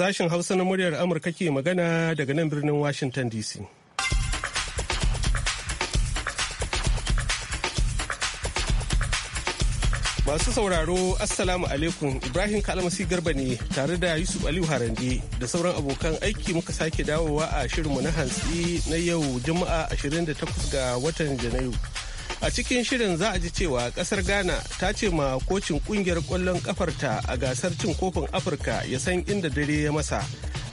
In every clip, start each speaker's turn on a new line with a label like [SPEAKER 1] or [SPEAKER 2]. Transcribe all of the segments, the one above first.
[SPEAKER 1] Sashen Hausa na muryar Amurka ke magana daga nan birnin Washington DC. Masu sauraro Assalamu alaikum Ibrahim Kalmasi Garba ne tare da Yusuf Aliyu Harande da sauran abokan aiki muka sake dawowa a shirinmu na hantsi na yau Juma'a 28 ga watan Janairu. a cikin shirin za a ji cewa kasar ghana ta ce ma kocin kungiyar kwallon kafarta a gasar cin kofin afirka ya san inda dare ya masa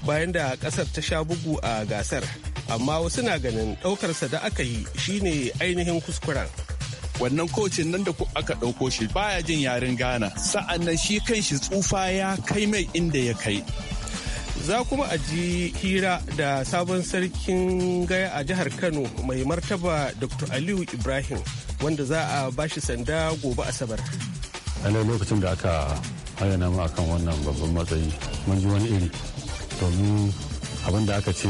[SPEAKER 1] bayan da kasar ta sha bugu a gasar amma wasu na ganin daukarsa da aka yi shine ainihin kuskuren wannan kocin nan da aka ɗauko shi baya jin yaren ghana sa'an nan shi kan tsufa ya kai mai inda ya kai za kuma a ji hira da sabon sarkin gaya a jihar kano mai martaba dr aliyu ibrahim wanda za a bashi sanda gobe asabar
[SPEAKER 2] a lokacin da aka ayyana mu akan wannan babban matsayi mun ji wani iri domin abin da aka ce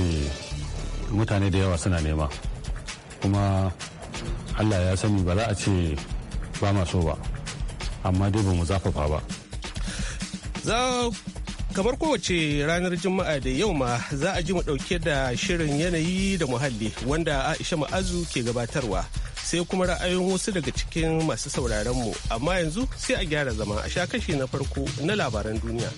[SPEAKER 2] mutane da yawa suna nema kuma allah ya sani ba za a ce ba so ba amma dai ba mu zafafa ba za kamar
[SPEAKER 1] kowace ranar juma'a da yau ma za a ji mu dauke da shirin yanayi da muhalli wanda aisha ma'azu ke gabatarwa sai kuma ra'ayin wasu daga cikin masu sauraron mu amma yanzu sai a gyara zama a sha kashi na farko na labaran duniya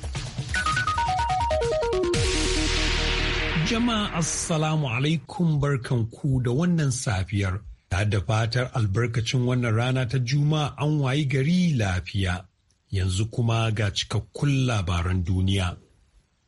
[SPEAKER 3] jama'a assalamu alaikum barkan ku da wannan safiyar ta da fatar albarkacin wannan rana ta juma'a an wayi gari lafiya yanzu kuma ga cikakkun labaran duniya.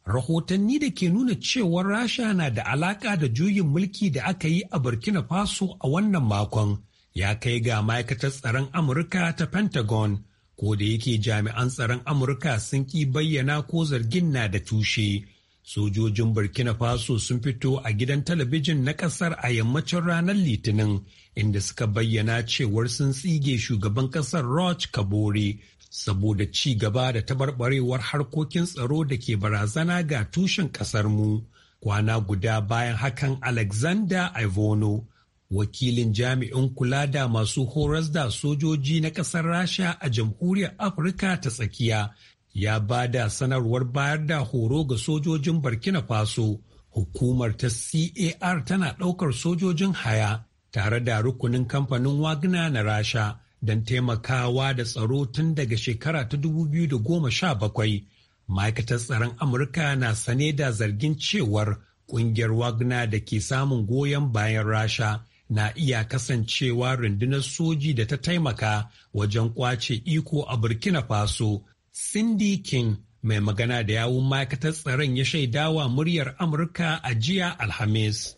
[SPEAKER 3] Rahotanni da ke nuna cewar Rasha na da alaka da juyin mulki da aka yi a Burkina Faso a wannan makon ya kai ga ma'aikatar tsaron Amurka ta Pentagon, ko da yake jami'an tsaron Amurka sun ƙi bayyana ko zargin na da tushe. Sojojin Burkina Faso sun fito a gidan talabijin na ƙasar a yammacin ranar Litinin, inda suka bayyana cewar sun tsige shugaban ƙasar Roch Kabore saboda ci gaba da tabarbarewar harkokin tsaro da ke barazana ga tushen ƙasarmu. Kwana guda bayan hakan Alexander Ivono, wakilin jami'in kula da masu horas da sojoji na ƙasar Rasha a Jamhuriyar Afirka ta tsakiya, ya ba da sanarwar bayar da horo ga sojojin Burkina Faso. Hukumar ta CAR tana ɗaukar sojojin haya tare da rukunin kamfanin Wagna na Rasha. don taimakawa da tsaro tun daga shekara ta 2017 ma'aikatar tsaron amurka na sane da zargin cewar kungiyar wagner da ke samun goyon bayan rasha na iya kasancewa rundunar soji da ta taimaka wajen kwace iko a burkina faso cindy king mai magana da yawun ma'aikatar tsaron ya shaidawa muryar amurka a jiya alhamis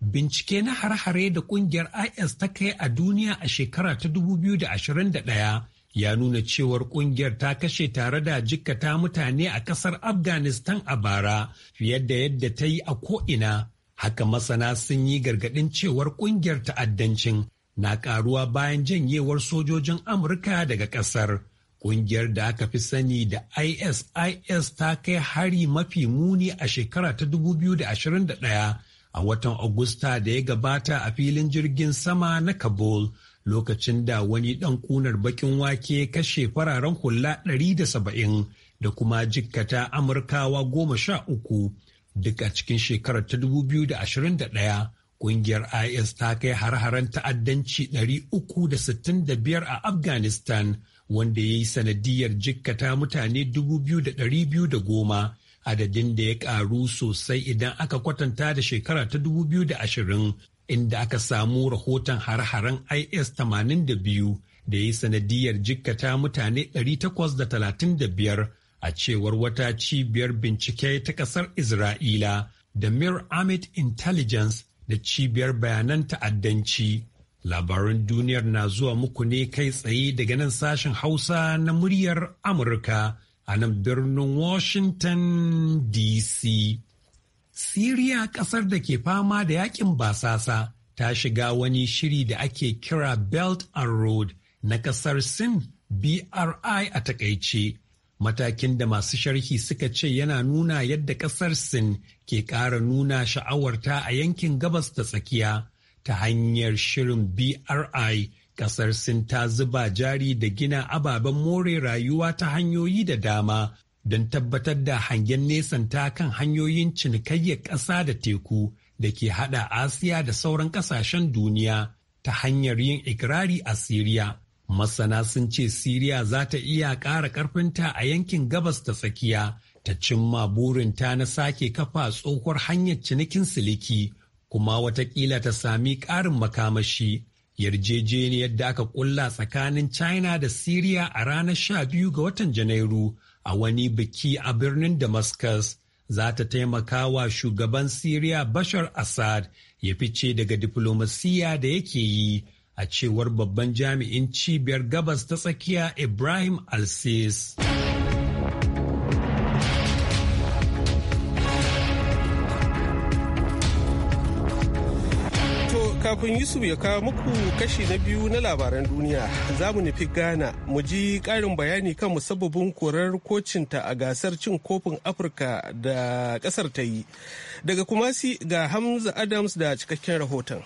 [SPEAKER 3] Bincike na har-hare da kungiyar IS ta kai a duniya a shekara ta 2021 ya nuna cewar kungiyar ta kashe tare da jikkata mutane a kasar Afghanistan a bara fiye da yadda ta yi a ko'ina. Haka masana sun yi gargaɗin cewar kungiyar ta'addancin na ƙaruwa bayan janyewar sojojin Amurka daga ƙasar. Ƙungiyar da aka fi sani da ISIS ta kai hari mafi muni a shekara ta 2021 a watan Agusta da ya gabata a filin jirgin sama na Kabul lokacin da wani ɗan ƙunar bakin wake kashe fararen hula 170 da kuma jikkata Amurkawa goma sha uku duk a cikin shekarar ta 2021 ƙungiyar IS ta kai har-haren ta'addanci 365 a Afghanistan wanda ya yi sanadiyar jikkata mutane 2,210 adadin da ya ƙaru sosai idan aka kwatanta da shekara ta 2020 inda aka samu rahoton har-haren IS 82 da ya yi sanadiyar jikkata mutane 835 a cewar wata cibiyar bincike ta ƙasar Isra'ila da Mir Ahmed Intelligence da cibiyar bayanan ta'addanci. labarin duniyar na zuwa muku ne kai tsaye daga nan sashen Hausa na muryar Amurka. a nan birnin Washington DC. Siriya ƙasar da ke fama da yakin basasa ta shiga wani shiri da ake kira Belt and Road na ƙasar Sin BRI a takaice. Matakin da masu sharhi suka ce yana nuna yadda ƙasar Sin ke ƙara nuna sha'awarta a yankin gabas da tsakiya ta hanyar shirin BRI Ƙasar Sin ta zuba jari da gina ababen more rayuwa ta hanyoyi da dama don tabbatar da hangen nesan ta kan hanyoyin cinikayyar ƙasa da teku da ke haɗa Asiya da sauran ƙasashen duniya ta hanyar yin ikirari a Siriya. Masana sun ce Siriya za ta iya ƙara ƙarfinta a yankin gabas ta tsakiya ta cimma burinta na sake kafa tsohuwar hanyar cinikin siliki kuma watakila ta sami ƙarin makamashi yarjejeniyar da aka kulla tsakanin China da Syria a ranar 12 ga watan Janairu a wani biki a birnin Damascus za ta taimaka wa shugaban Syria Bashar Assad ya fice daga diplomasiya da yake yi a cewar babban jami'in cibiyar gabas ta tsakiya Ibrahim Alsis.
[SPEAKER 1] kafin Yusuf ya kawo muku kashi na biyu na labaran duniya za mu nufi Ghana mu ji ƙarin bayani kan musabbabin korar kocinta a gasar cin kofin Afirka da ƙasar ta yi. Daga Kumasi ga Hamza Adams da cikakken rahoton.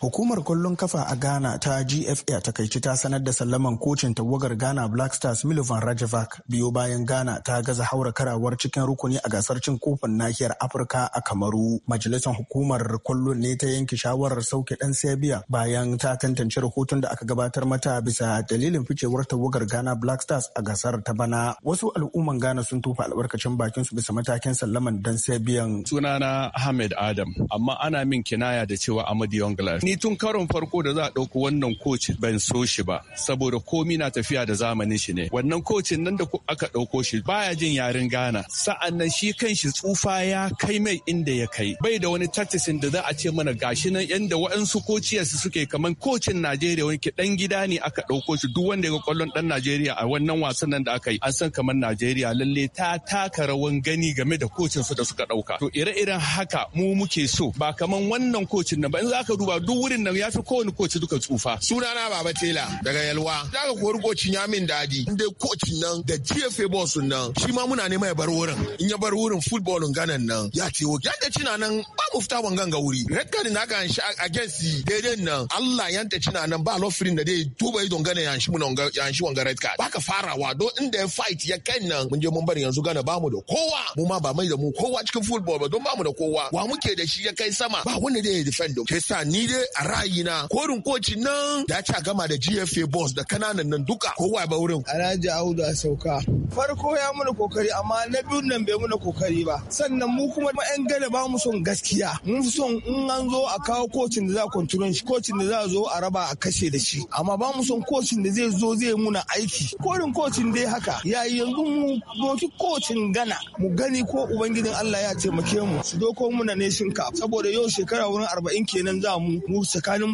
[SPEAKER 4] Hukumar kwallon kafa a Ghana ta GFA takaici ta sanar da sallaman kocin tawagar Ghana Black Stars Milovan rajavak biyo bayan Ghana ta gaza haura karawar cikin rukuni a gasar cin kofin nahiyar Afirka a Kamaru. Majalisar hukumar kwallon ne ta yanke shawarar sauke dan Serbia bayan ta tantance rahoton da aka gabatar mata bisa dalilin ficewar tawagar Ghana Black Stars a gasar ta bana. Wasu al'umman Ghana sun tofa albarkacin bakin su
[SPEAKER 1] bisa matakin sallaman
[SPEAKER 4] dan Serbian.
[SPEAKER 1] Sunana Ahmed Adam amma ana min kinaya da cewa Amadi Yonglas. ni tun karon farko da za a ɗauko wannan coach ban so shi ba saboda komi na tafiya da zamanin shi ne wannan kocin nan da aka ɗauko shi baya jin yarin gana sa'an nan shi kan shi tsufa ya kai mai inda ya kai bai da wani tattisin da za a ce mana gashi nan yanda waɗansu kociyarsu suke kaman kocin Najeriya wani dan gida ne aka ɗauko shi duk wanda ya ga kwallon dan Najeriya a wannan wasan nan da aka yi an san kamar Najeriya lalle ta taka rawan gani game da kocin su da suka ɗauka to ire-iren haka mu muke so ba kaman wannan kocin nan ba in za ka duba duk wurin nan ya fi kowane koci duka tsufa. Sunana Baba Tela daga Yalwa.
[SPEAKER 5] Za ka kori koci ya min daɗi. Inda kocin nan da GFA boss nan shi ma muna neman ya bar wurin. In ya bar wurin football ganan nan ya ce wo. Yadda cina nan ba mu fita wangan ga wuri. Red na ga shi gensi daidai nan Allah yanta cina nan ba lofirin da dai tuba idon gane ya shi wanga red card. Baka farawa don inda ya fight ya kai nan mun je mun bar yanzu gana ba mu da kowa. Mu ma ba mai da mu kowa cikin football ba don ba mu da kowa. Wa muke da shi ya kai sama ba wanda dai ya defend.
[SPEAKER 4] Kesa ni dai a ra'ayi na korin koci nan da ci gama da GFA boss da kananan nan duka kowa ba wurin. Alhaji Audu sauka. Farko ya muna kokari amma na biyun nan bai muna kokari ba. Sannan mu kuma yan gada ba mu son gaskiya. mu son in an zo a kawo kocin da za a kwanturon shi kocin da za a zo a raba a kashe da shi. Amma ba mu son kocin da zai zo zai muna aiki. Korin kocin dai haka. Yayi yanzu mu doki kocin gana mu gani ko ubangijin Allah ya taimake mu su doko muna ne shinka saboda yau shekara wurin arba'in kenan za mu mu mu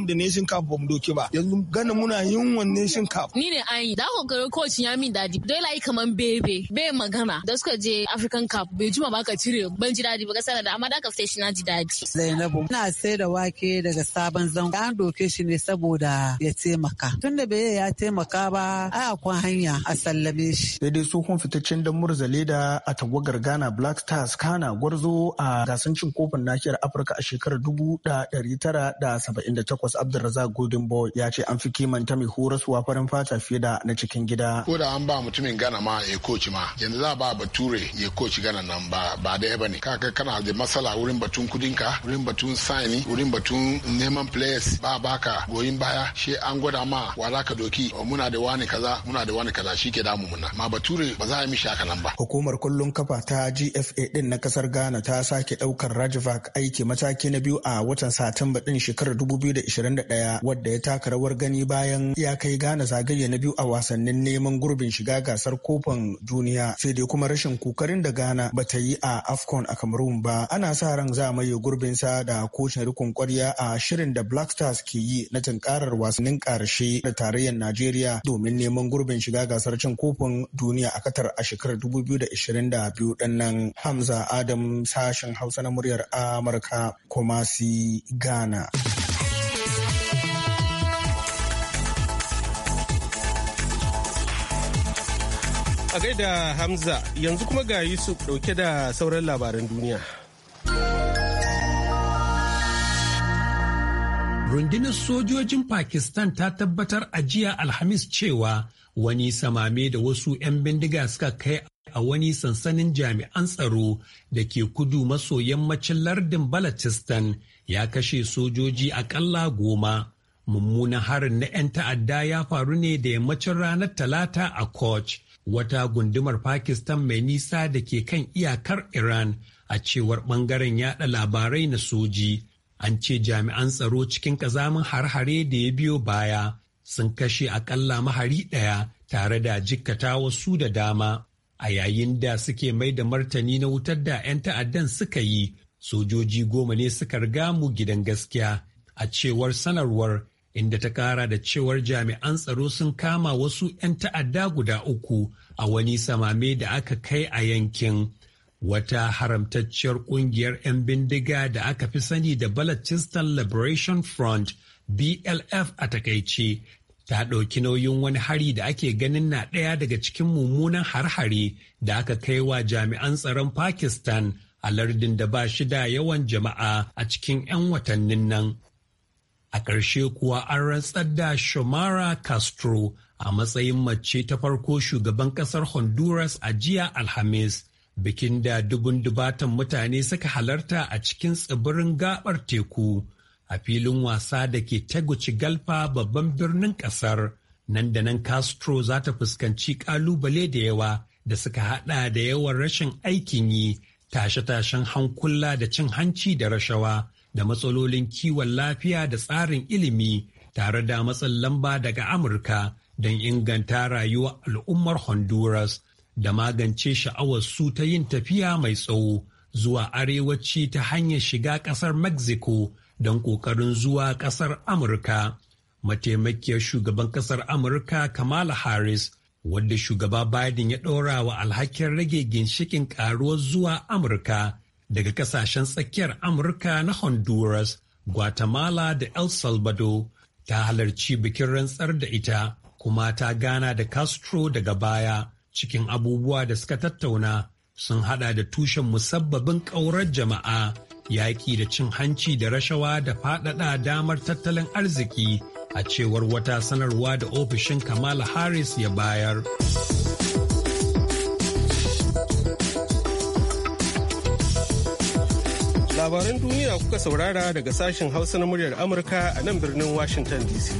[SPEAKER 4] da nation cup ba mu doki ba yanzu gana muna yin wani nation cup ni ne ayi da kokarin coach ya min dadi dole ai kaman bebe be magana da suka je african cup bai juma ba ka cire ban ji dadi ba sanar da amma da ka fita shi na ji dadi
[SPEAKER 6] zainabu ina sai da wake daga sabon zango an doke shi ne saboda ya taimaka tunda bai ya taimaka
[SPEAKER 4] ba a kwan hanya a sallame shi sai dai tsohon fitaccen da murzale da a tawagar Ghana Black Stars Kana Gwarzo a gasan cin kofin nahiyar Afirka a shekarar dubu da ɗari tara da 48 Abdulrazak boy ya ce an fi kimanta mai horaswa farin fata fiye da na cikin gida.
[SPEAKER 5] Ko da an ba mutumin gana ma ya koci ma yanzu za ba bature ya koci gana nan ba ba da yaba ne. Kaka kana da masala wurin batun kudin ka, wurin batun sani wurin batun neman players ba baka goyin baya shi an gwada ma wala ka doki oh, muna da wani kaza muna da wani kaza shi ke damu muna ma bature ba za a yi mishi haka nan ba.
[SPEAKER 4] Hukumar kullum kafa ta GFA din na kasar Ghana ta sake daukar Rajavak aiki mataki na biyu a watan Satumba din shekarar 2021 wadda ya taka rawar gani bayan ya kai Ghana zagaye na biyu a wasannin neman gurbin shiga gasar kofin duniya sai dai kuma rashin kokarin da gana ba ta yi a AFCON a Cameroon ba ana sa ran za gurbin sa da kocin rikon kwarya a shirin da Black Stars ke yi na tunkarar wasannin karshe da tarayyar Najeriya domin neman gurbin shiga gasar cin kofin duniya a katar a shekarar 2022 din nan Hamza Adam sashen Hausa na muryar Amurka Kumasi Ghana.
[SPEAKER 1] A gaida Hamza yanzu kuma ga Yusuf ɗauke da
[SPEAKER 3] sauran labaran duniya. Rundunar sojojin Pakistan ta tabbatar a jiya Alhamis cewa wani samame da wasu 'yan bindiga suka kai a wani sansanin jami'an tsaro da ke kudu maso yammacin lardin Balochistan ya kashe sojoji akalla goma mummunan harin na 'yan ta'adda ya faru ne da yammacin ranar talata a koch wata gundumar pakistan mai nisa da ke kan iyakar iran a cewar bangaren yada labarai na soji an ce jami'an tsaro cikin kazamin har-hare da ya biyo baya sun kashe akalla mahari ɗaya tare da jikkata wasu da dama a yayin da suke mai da martani na wutar da 'yan ta'addan suka yi sojoji goma ne suka riga mu gidan gaskiya a cewar sanarwar inda ta kara da cewar jami'an tsaro sun kama wasu 'yan ta'adda guda uku a wani samame da aka kai a yankin wata haramtacciyar kungiyar 'yan bindiga da aka fi sani da Balochistan Liberation Front BLF a takaice ta ɗauki nauyin wani hari da ake ganin na ɗaya daga cikin mummunan har da aka kai wa jami'an tsaron Pakistan a lardin da ba shi da yawan jama'a a cikin 'yan watannin nan. A ƙarshe kuwa an rantsar da Shomara Castro a matsayin mace ta farko shugaban ƙasar Honduras a jiya Alhamis, bikin da dubun dubatan mutane suka halarta a cikin tsibirin gaɓar teku a filin wasa da ke taguci galfa babban birnin ƙasar. Nan da nan Castro za ta fuskanci ƙalubale da yawa da suka haɗa da yawan rashin aikin yi, tashe-tashen hankula da cin hanci da rashawa. da matsalolin kiwon lafiya da tsarin ilimi tare da matsin lamba daga Amurka don inganta rayuwar al'ummar Honduras da magance sha'awar su ta yin tafiya mai tsawo zuwa arewaci ta hanyar shiga ƙasar Mexico don ƙoƙarin zuwa ƙasar Amurka. Mataimakiyar shugaban ƙasar Amurka Kamala Harris wadda shugaba Biden ya ɗora wa alhakin rage ginshikin ƙaruwar zuwa Amurka daga kasashen tsakiyar Amurka na Honduras, Guatemala da El Salvador ta halarci bikin rantsar da ita kuma ta gana da Castro daga baya cikin abubuwa da suka tattauna sun hada da tushen musabbabin ƙaurar jama'a yaƙi da cin hanci da rashawa da faɗaɗa damar tattalin arziki a cewar wata sanarwa da ofishin Kamala Harris ya bayar.
[SPEAKER 1] labaran duniya kuka saurara daga sashen hausa na muryar amurka a nan birnin washington dc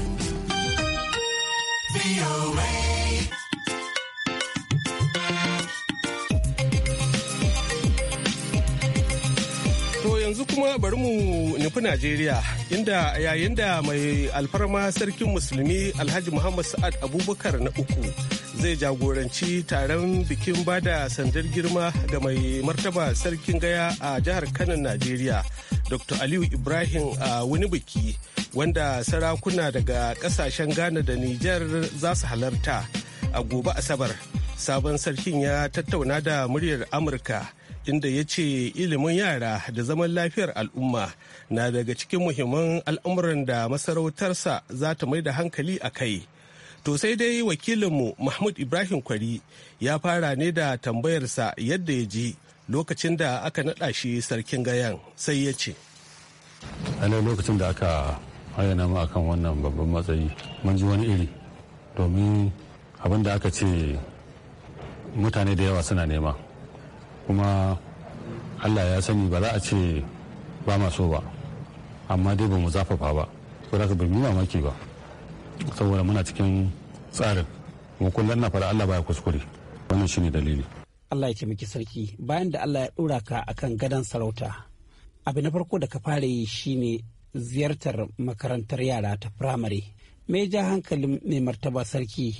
[SPEAKER 1] yanzu kuma bari mu nufi Najeriya inda yayin da mai alfarma sarkin musulmi Alhaji Muhammad Sa'ad Abubakar na uku zai jagoranci taron bikin bada sandar girma ga mai martaba sarkin gaya a jihar Kano Najeriya Dr. Aliyu Ibrahim a wani biki wanda sarakuna daga kasashen Ghana da Niger za su halarta a gobe Asabar. Sabon sarkin ya tattauna da muryar Amurka. inda ya ce ilimin yara da zaman lafiyar al'umma na daga cikin muhimman al'amuran da masarautarsa za ta mai da hankali a kai To sai dai wakilinmu Mahmud Ibrahim Kwari ya fara ne da tambayarsa yadda ya ji lokacin da aka naɗa shi sarkin gayan sai ya ce.
[SPEAKER 2] Ana lokacin da aka ayyana mu akan wannan babban matsayi mun ji wani iri domin abin da aka ce mutane da yawa suna nema kuma Allah ya sani ba za a ce ba maso ba amma dai ba mu zafafa ba ko da ka bi mamaki ba saboda muna cikin tsarin kuma kullum na fara Allah baya kuskure wannan shine dalili
[SPEAKER 6] Allah ya ce miki sarki bayan da Allah ya dora ka akan gadon sarauta abu na farko da ka fara yi shine ziyartar makarantar yara ta firamare me ja hankalin mai martaba sarki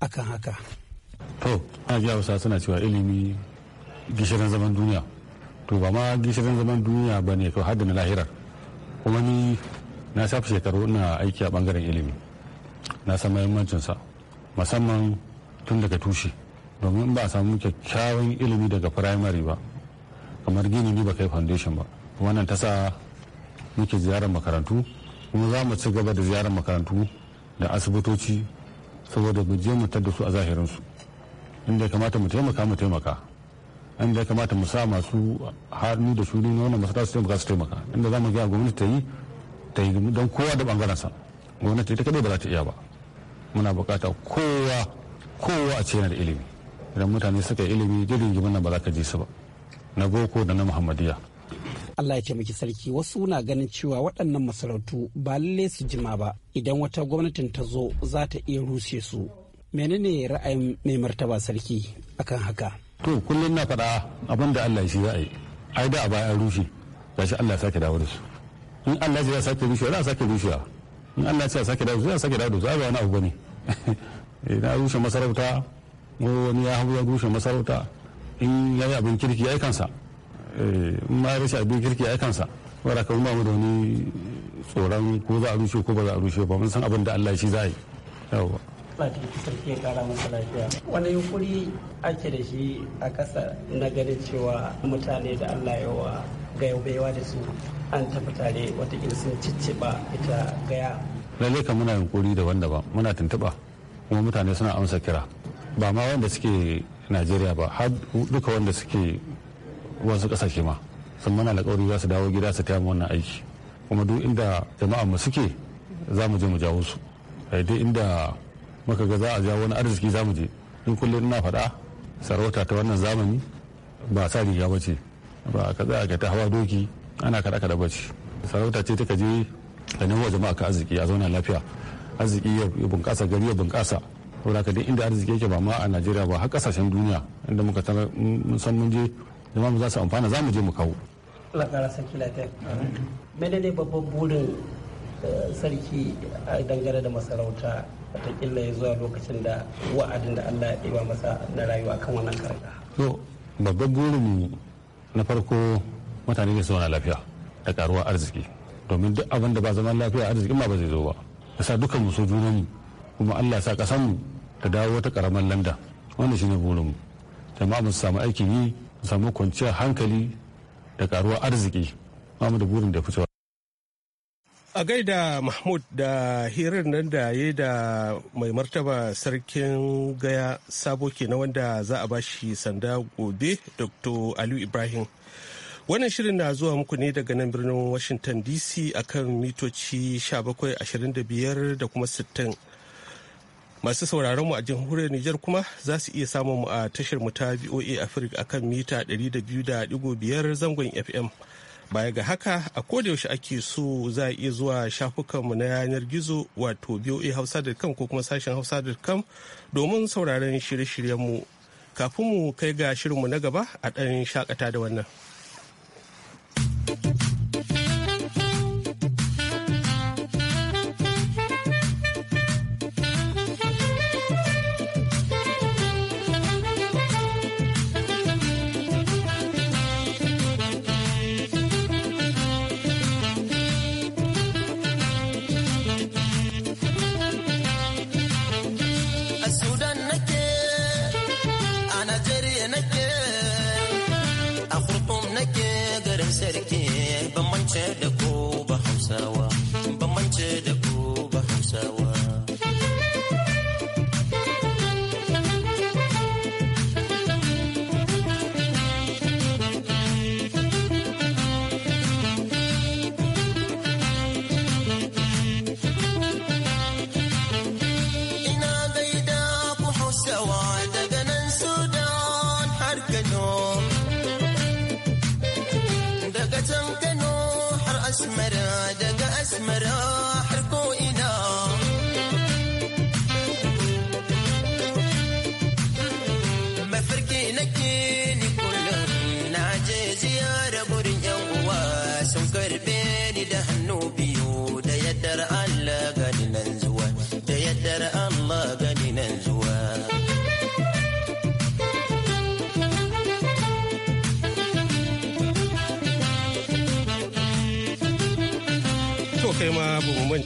[SPEAKER 6] akan haka
[SPEAKER 2] to na ji hausa suna cewa ilimi gishirin zaman duniya to ba ma gishirin zaman duniya ba ne to har da na lahirar kuma ni na shafi shekaru ina aiki a bangaren ilimi na san mahimmancinsa musamman tun daga tushe domin ba a samu kyakkyawan ilimi daga firamare ba kamar gini ne ba kai foundation ba wannan ta sa muke ziyarar makarantu kuma za mu ci gaba da ziyarar makarantu da asibitoci saboda mu je mu da su a zahirinsu inda ya kamata mu taimaka mu taimaka inda ya kamata mu sa masu hannu da shuni na wannan masana su taimaka su taimaka inda za mu gaya gwamnati ta yi ta yi don kowa da bangarensa gwamnati ta kadai ba za ta iya ba muna bukata kowa kowa a cikin ilimi idan mutane suka yi ilimi jirgin gimin nan ba za ka ji su ba na boko da na muhammadiya
[SPEAKER 6] Allah ya taimaki sarki wasu na ganin cewa waɗannan masarautu ba lalle su jima ba idan wata gwamnatin ta zo za ta iya rushe su menene ra'ayin mai martaba sarki akan haka
[SPEAKER 2] to kullum na faɗa abin da Allah shi za a yi ai da a baya rushe shi Allah ya sake dawo da su in Allah ya sake rushe za a sake rushe in Allah ya sake dawo za a sake dawo da su ai ba wani abu bane Eh, na rushe masarauta wani ya hau ya rushe masarauta in ya yi abin kirki ya kansa eh, in ma ya rashe abin kirki ya kansa wadda ka ba mu da wani tsoron ko za a rushe ko ba za a rushe ba mun san abin da Allah shi za yi yawa
[SPEAKER 6] Wani yunkuri ake da shi a ƙasa na ganin cewa mutane da Allah yawa ga yau da su an tafi tare wata sun ba ita gaya
[SPEAKER 2] lallai kan muna yunkuri daban-daban muna tuntuɓa kuma mutane suna amsa kira ba ma wanda suke najeriya ba har duka wanda suke wasu kasashe ma sun mana alƙawari za su dawo gida su taya wannan aiki kuma duk inda jama'a mu suke za mu je mu jawo su eh, duk inda muka ga za a jawo wani arziki za mu je in kullum ina faɗa sarauta ta wannan zamani ba sa riga ba ce ba ka tsaya ka ta hawa doki ana kaɗa kaɗa ba ce sarauta ce ta je a nan jama'a ka arziki a zauna lafiya arziki ya bunƙasa gari ya bunƙasa saboda ka duk inda arziki yake ba ma a najeriya ba har kasashen duniya inda muka tara mun san mun je jama'a mu za su amfana za mu je mu kawo
[SPEAKER 6] Allah ƙara sarki lafiya ne babban burin eh, sarki a dangane da masarauta watakila ya zuwa lokacin da wa'adin da allah ya ɗiba masa na rayuwa kan wannan karga
[SPEAKER 2] to babban burin na farko mutane ne suna lafiya da karuwa arziki domin duk abin da ba zaman lafiya arzikin ma ba zai zo ba ya sa dukkan mu junan mu kuma Allah ya sa mu ta dawo wata karamar landa wannan shine burin mu jama'a mu samu aikin yi mu samu kwanciyar hankali da karuwar arziki ba mu da burin da fitowa
[SPEAKER 1] a gaida mahmud da hirar nan da ya da mai martaba sarkin gaya sabo na wanda za a bashi sanda gobe dr aliyu ibrahim Wannan shirin na zuwa muku ne daga nan birnin Washington DC akan mitoci 1725 da kuma 60. Masu sauraron mu a jamhuriyar Nijar kuma za su iya samun mu a tashar mu ta VOA Africa akan mita 200.5 zangon FM. Baya ga haka a yaushe ake so za a iya zuwa shafukanmu na yanar gizo wato Hausa.com ko kuma sashen hausa.com domin sauraron shirye-shiryenmu. Kafin mu kai ga shirinmu na gaba a ɗan shakata da wannan.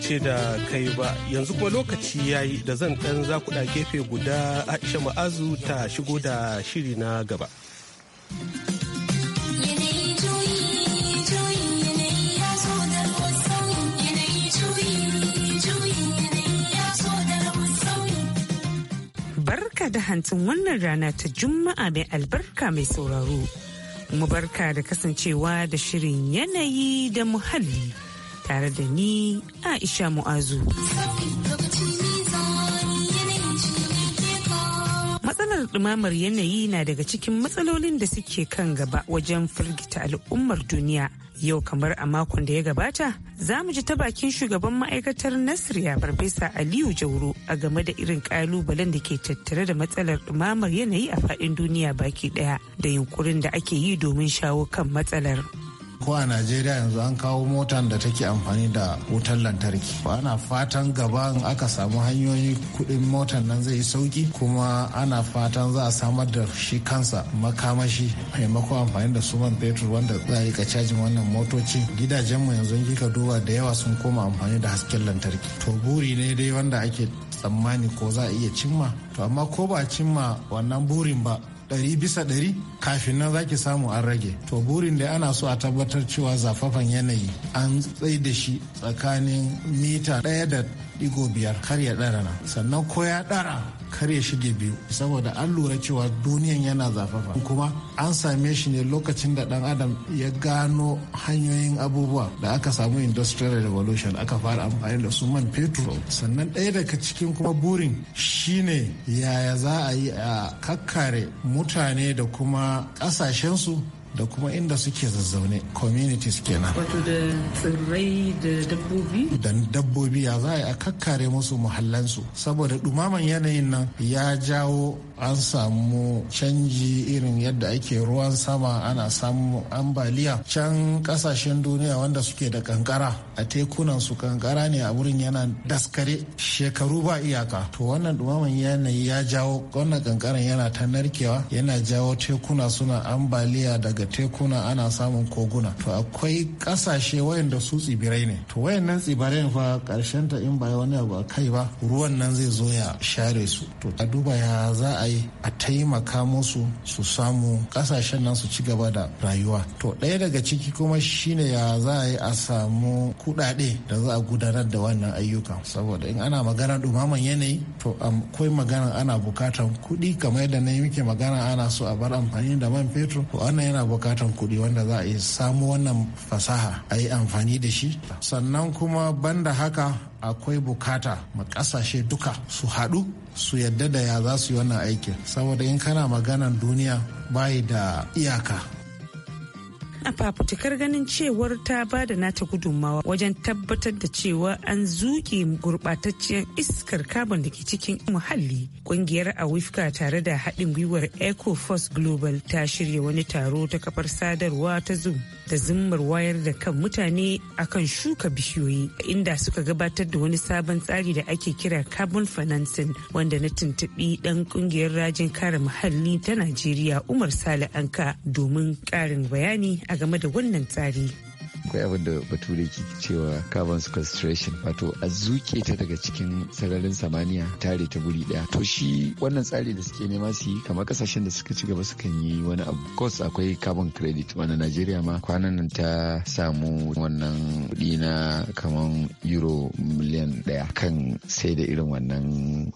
[SPEAKER 1] ce da kai ba yanzu kuma lokaci ya yi da zan ɗan ku gefe guda aisha ma'azu ta shigo da shiri na gaba.
[SPEAKER 7] barka da hantun wannan rana ta juma'a mai albarka mai sauraro mu barka da kasancewa da shirin yanayi da muhalli tare da ni Aisha Mu'azu. Matsalar ɗumamar yanayi na daga cikin matsalolin da suke kan gaba wajen firgita al'ummar duniya. Yau kamar a makon da ya gabata, za mu ji ta bakin shugaban ma'aikatar Nasriya Farfesa Aliyu Jauro a game da irin ƙalubalen da ke tattare da matsalar ɗumamar yanayi a faɗin duniya baki ɗaya da yunkurin da ake yi domin shawo kan matsalar.
[SPEAKER 5] ko a najeriya yanzu an kawo motan da take amfani da wutar lantarki ana fatan gaban aka samu hanyoyi kuɗin motan nan zai yi sauki kuma ana fatan za a samar da shi kansa makamashi maimakon amfani da suman man fetur wanda za a yi cajin wannan motoci mu yanzu kika duba da yawa sun koma amfani da hasken lantarki to buri ne dai wanda ake tsammani ko za a iya cimma to amma ko ba cimma wannan burin ba ɗari bisa ɗari kafin nan zaki samu an rage to burin da ana so a tabbatar cewa zafafan yanayi an tsai da shi tsakanin mita ɗaya da ɗigo biyar kar ya ɗara sannan ko ya ɗara kar ya shige biyu saboda an lura cewa duniyan yana zafafa kuma an same shi ne lokacin da dan adam ya gano hanyoyin abubuwa da aka samu industrial revolution aka fara amfani da su man fetur sannan ɗaya daga cikin kuma burin shine yaya za a yi a kakkare mutane da kuma ƙasashensu da kuma inda suke zazzaune communities kenan
[SPEAKER 7] wato da tsirrai da dabbobi da
[SPEAKER 5] dabbobi ya za a kakkare musu muhallansu saboda dumaman yanayin nan ya jawo an samu canji irin yadda ake ruwan sama ana samu ambaliya can kasashen duniya wanda suke da kankara a tekunan su kankara ne a wurin yana daskare shekaru ba iyaka to wannan dumaman yanayi ya jawo wannan kankaran yana ta narkewa yana jawo tekuna suna ambaliya daga tekuna ana samun koguna to akwai kasashe wayanda su tsibirai ne to wayannan tsibirai fa karshen ta in ba wani abu kai ba ruwan nan zai zo ya share su to a duba ya za a a yi a taimaka musu su samu kasashen nan su ci gaba da rayuwa to ɗaya daga ciki kuma shine ya za a yi a samu kuɗaɗe da za a gudanar da wannan ayyuka saboda in ana magana dumaman yanayi to akwai magana ana bukatan kuɗi kamar yadda na yi muke magana ana so a bar amfani da man fetur to wannan yana bukatan kuɗi wanda za a yi samu wannan fasaha a yi amfani da shi sannan kuma banda haka akwai bukata ma kasashe duka su haɗu su yadda da ya za su yi wannan aikin saboda in kana maganan duniya bayi da iyaka
[SPEAKER 7] a fafutukar ganin cewar ta ba da nata gudunmawa wajen tabbatar da cewa an zuƙe gurɓatacciyar iskar carbon da ke cikin muhalli ƙungiyar awifka tare da haɗin gwiwar ecoforce global ta shirya wani taro ta kafar sadarwa ta zoom da zimmar wayar da kan mutane akan shuka bishiyoyi inda suka gabatar da wani sabon tsari da ake kira carbon financing wanda na tuntuɓi ɗan ƙungiyar rajin kare muhalli ta Najeriya Umar Sale Anka domin ƙarin bayani a game da wannan tsari.
[SPEAKER 8] akwai abin da bature ke cewa carbon sequestration wato a zuke ta daga cikin sararin samaniya tare ta guri daya to shi wannan tsari da suke nema su yi kamar kasashen da suka ci gaba sukan yi wani abu course akwai carbon credit wanda najeriya ma kwanan nan ta samu wannan kuɗi na kamar euro miliyan daya kan sai da irin wannan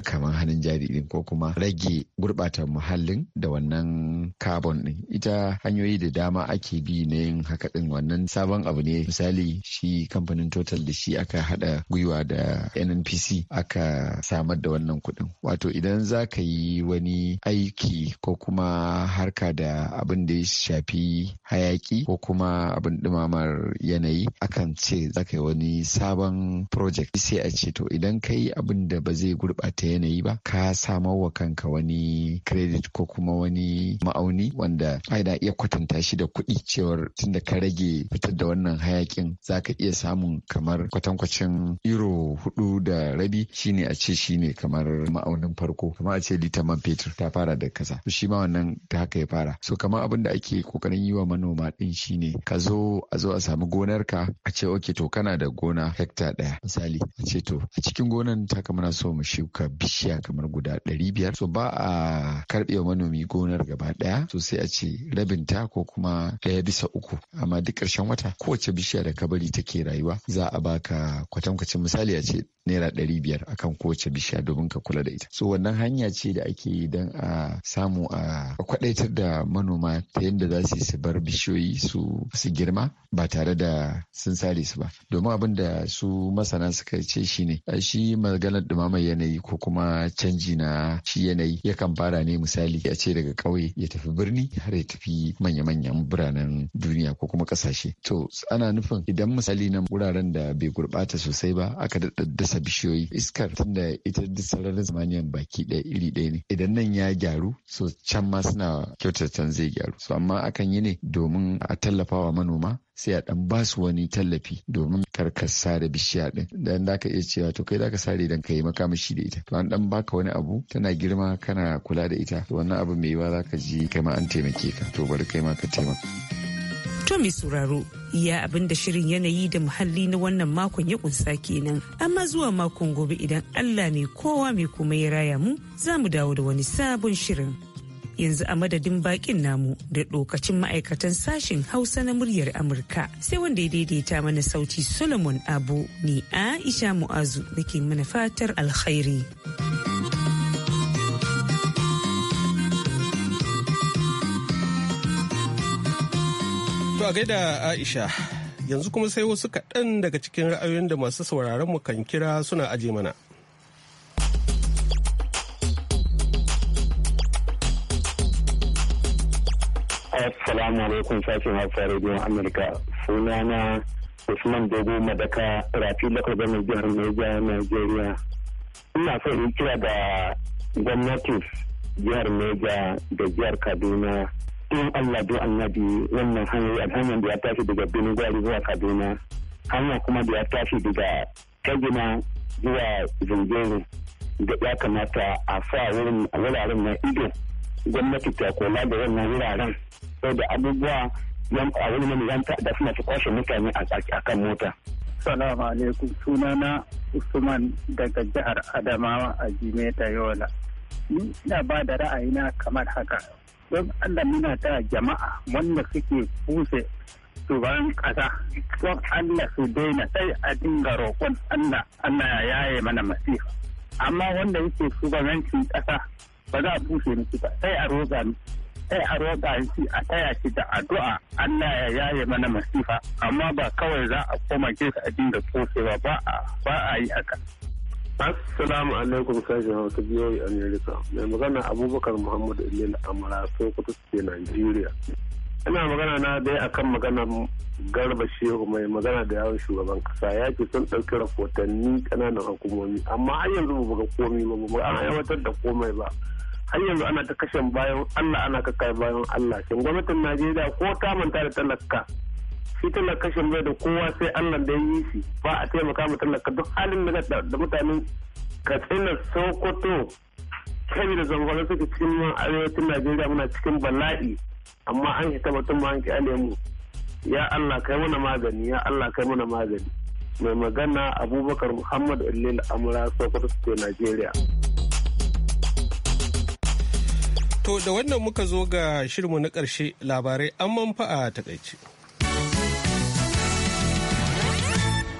[SPEAKER 8] kamar hannun jari din ko kuma rage gurɓata muhallin da wannan carbon din ita hanyoyi da dama ake bi ne yin haka din wannan sabon abu abu ne misali shi kamfanin total da shi aka hada gwiwa da nnpc aka samar da wannan kuɗin wato idan za ka yi wani aiki ko kuma harka da abin da ya shafi hayaki ko kuma abin ɗumamar yanayi akan ce za ka yi wani sabon project sai a ce to idan ka yi abin da ba zai gurbata yanayi ba ka samar wa kanka wani credit ko kuma wani ma'auni wanda ai iya kwatanta shi da kuɗi cewar tunda ka rage fitar da wannan wannan hayakin za ka iya samun kamar kwatankwacin euro hudu da rabi shine a ce shine kamar ma'aunin farko kamar a ce litaman man fetur ta fara da kasa, to shi ma wannan ta haka ya fara so kamar abin da ake kokarin yi wa manoma din shine ka zo a zo a samu gonarka a ce ok to kana da gona hekta daya misali a ce to a cikin gonan ta kamar so mu shuka bishiya kamar guda ɗari biyar so ba a karɓe wa manomi gonar gaba daya sosai sai a ce rabin ko kuma ɗaya bisa uku amma duk ƙarshen wata ko kowace bishiya da kabari take rayuwa za a baka kwatankwacin misali a ce naira ɗari biyar akan kowace bishiya domin ka kula da ita so wannan hanya ce da ake yi don a samu a kwadaitar da manoma ta yadda za su su bar bishiyoyi su su girma ba tare da sun sare su ba domin abin da su masana suka ce shi shine shi maganar dumamar yanayi ko kuma canji na shi yanayi yakan fara ne misali a ce daga ƙauye ya tafi birni har ya tafi manya-manyan biranen duniya ko kuma ƙasashe to ana nufin idan misali na wuraren da bai gurɓata sosai ba aka daddasa bishiyoyi iskar tunda ita duk sararin zamaniyan baki ɗaya iri ɗaya ne idan nan ya gyaru so can ma suna kyautatan zai gyaru so amma akan yi ne domin a tallafawa manoma sai a dan basu wani tallafi domin karka sare bishiya ɗin. dan da ka iya cewa to kai da aka sare idan ka yi makamashi da ita to an dan baka wani abu tana girma kana kula da ita to wannan abu mai yiwa za ka ji kai ma an taimake ka to bari kai ma ka taimaka
[SPEAKER 7] To mai sauraro ya abin da shirin yanayi da muhalli na wannan makon ya kunsa kenan. Amma zuwa makon gobe idan Allah mai kowa mai kuma ya raya mu za mu dawo da wani sabon shirin. Yanzu a madadin bakin namu da ɗokacin ma'aikatan sashen Hausa na muryar Amurka sai wanda ya daidaita mana sauti Solomon Abu ni Aisha Mu'azu nake mana fatar alkhairi.
[SPEAKER 1] To a gaida Aisha, yanzu kuma sai wasu kaɗan daga cikin ra'ayoyin da masu sauraron mu kan kira suna aje mana.
[SPEAKER 3] Assalamu alaikum sashen Hausa Radio Amurka. Sunana Usman Dogo Madaka Rafi Lakar Gwamnan Jihar Niger, Nigeria. Ina so in kira da gwamnatin jihar Neja da jihar Kaduna in Allah do annabi wannan hanyar hanyar da ya tashi daga Benin Gwari zuwa Kaduna hanya kuma da ya tashi daga Kaduna zuwa Zungeru da ya kamata a sa wurin wuraren
[SPEAKER 2] na ido gwamnati ta kula da wannan wuraren da abubuwa a wurin manzanta da suna ta kwashe mutane a kan mota.
[SPEAKER 4] Salamu alaikum sunana Usman daga jihar Adamawa a Jimeta Yola. Ni ina ba da ra'ayina kamar haka. don Allah muna ta jama'a wanda suke kuse shugaban kasa don Allah su daina sai a dinga roƙon Allah Allah ya yaye mana masifa amma wanda yake shugabancin kasa ba za a bushe miki ba sai a roƙa sai a roƙa shi a taya shi da addu'a Allah ya yaye mana masifa amma ba kawai za a koma gefe a dinga tosewa ba a yi haka
[SPEAKER 1] Assalamu alaikum sashen hausa biyoyi Amerika. Mai magana Abubakar
[SPEAKER 2] Muhammadu Ilil Amara Sokoto ke Najeriya. Ina magana na dai akan magana Garba Shehu mai magana da yawon shugaban kasa ya ce sun ɗauki rahotanni
[SPEAKER 3] ƙananan hukumomi amma har yanzu ba ga komi ba ba an aiwatar da komai ba. Har yanzu ana ta kashen bayan Allah ana kakai bayan Allah. Shin gwamnatin Najeriya ko ta manta da talaka
[SPEAKER 2] shi talaka kashin bai da kowa sai allah da yi shi ba a taimaka mu talaka duk halin da mutanen katsina sokoto kai da zamfara suke
[SPEAKER 3] cikin arewacin najeriya muna cikin bala'i amma an ta mutum ma an kyale mu ya allah kai mana magani ya allah kai mana magani mai magana abubakar muhammad ilil amura sokoto state najeriya
[SPEAKER 1] to da wannan muka zo ga shirinmu na ƙarshe labarai an manfa'a ta takaice.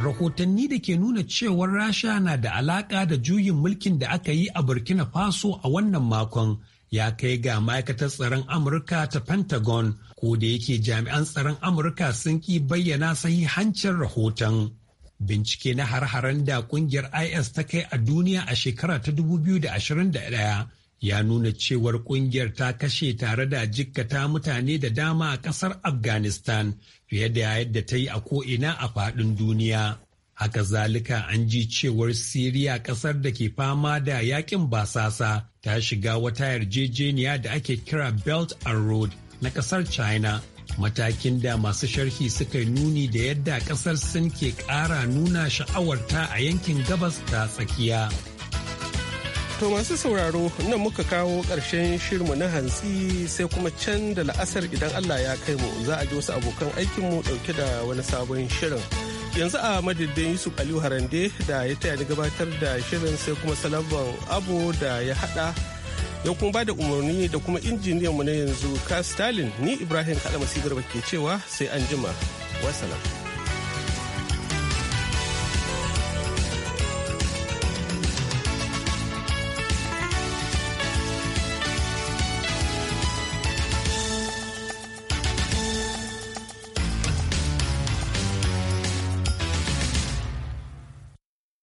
[SPEAKER 3] rahotanni da ke nuna cewar rasha na da alaka da juyin mulkin da aka yi a burkina faso a wannan makon ya kai ga ma'aikatar tsaron amurka ta pentagon ko da yake jami'an tsaron amurka sun ki bayyana sahihancin rahoton bincike na har-haren da kungiyar is ta kai a duniya a shekara ta 2021 ya nuna cewar kungiyar ta kashe tare da jikkata mutane da dama a ƙasar afghanistan fiye da yadda ta yi a ko'ina a faɗin duniya haka zalika an ji cewar siriya ƙasar da ke fama da yakin basasa ta shiga wata yarjejeniya da ake kira belt and road na ƙasar china matakin da masu sharhi suka nuni da yadda ƙasar sun ke ƙara nuna sha'awarta a yankin gabas ta tsakiya.
[SPEAKER 1] To masu sauraro nan muka kawo ƙarshen shirmu na hantsi sai kuma can da la'asar idan Allah ya kai mu za a ji wasu abokan aikinmu ɗauke da wani sabon shirin. Yanzu a madadin Yusuf Aliyu Harande da ya taya da gabatar da shirin sai kuma Salaban Abu da ya haɗa ya kuma ba da umarni da kuma injiniyanmu na yanzu Ka Stalin ni Ibrahim kaɗa Garba ke cewa sai an jima. Wasalam.